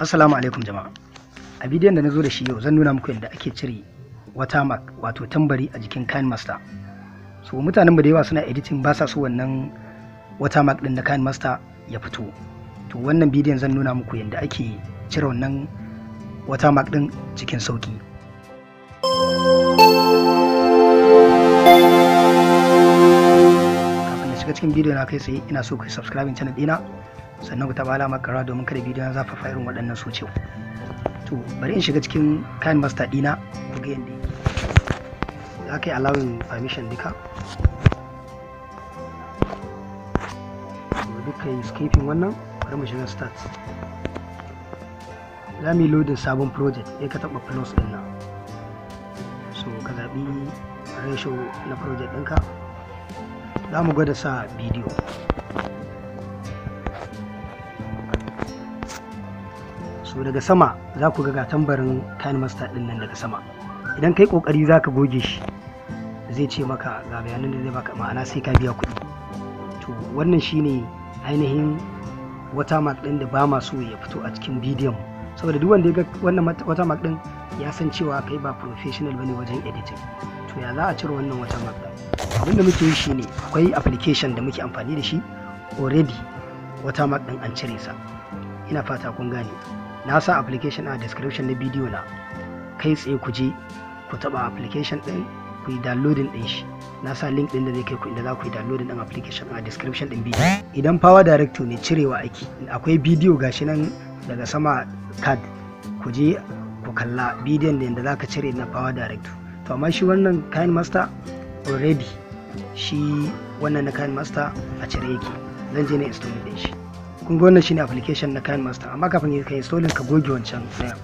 Assalamu alaikum jama'a. A bidiyon da na zo da shi yau zan nuna muku yadda ake cire wata mark wato tambari a jikin Kind Master. So mutanen mu da yawa suna editing ba sa so wannan wata mark din da Kind Master ya fito. To wannan bidiyon zan nuna muku yadda ake cire wannan wata mark din cikin sauki. Kafin na shiga cikin bidiyo na kai sai ina so ku subscribe channel ɗina sannan ku taɓa alamar kara domin kada bidiyon zafafa irin waɗannan su ce to bari in shiga cikin kayan master ɗina ku ga yadda za ka yi allowing permission duka duka yi skipping wannan bari mu shiga start za mu yi loading sabon project ya ka taɓa plus ɗin nan so ka zaɓi ratio na project ɗinka za mu gwada sa bidiyo so daga sama za ku ga tambarin kayan master din nan daga sama idan kai kokari za ka goge shi zai ce maka ga bayanan da zai baka ma'ana sai ka biya kuɗi to wannan shine ainihin watermark din da ba masu ya fito a cikin bidiyon saboda duk wanda ya ga wannan watermark din ya san cewa kai ba professional bane wajen editing to ya za a cire wannan watermark din abin da muke yi shine akwai application da muke amfani da shi already mark din an cire sa ina fata kun gane na sa application a description na bidiyo na kai tsaye ku je ku taba application din ku yi downloading din shi na sa link din da zai kai ku inda za ku yi downloading din application a description din bidiyo idan power director ne cirewa aiki akwai bidiyo gashi nan daga sama card ku je ku kalla bidiyon da zaka cire na power director to amma shi wannan kind master already shi wannan na kind master a cire yake zan je na install din shi kun ga wannan shine application na kind master amma kafin ka installing ka goge wancan ɗaya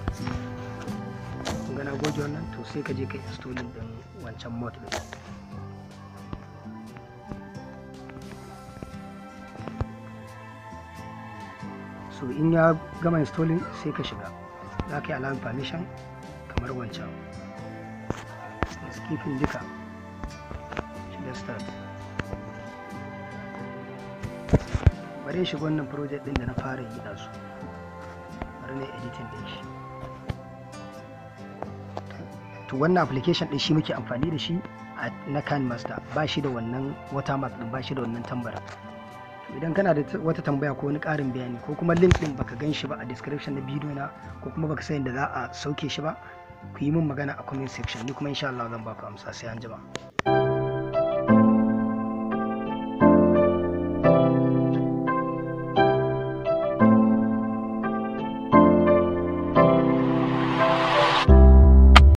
kun ga na goge wannan to sai ka je ka installing din wancan mod din so in ya gama installing sai ka shiga za ka yi alarm permission kamar wancan skipping duka shiga start bari shiga wannan project din da na fara yi da su bari ne editing din shi to wannan application din shi muke amfani da shi na kan master ba shi da wannan watermark din ba shi da wannan tambara idan kana da wata tambaya ko wani karin bayani ko kuma link din baka gan shi ba a description na bidiyo na ko kuma baka san da za a sauke shi ba ku yi min magana a comment section ni kuma insha Allah zan baka amsa sai an jima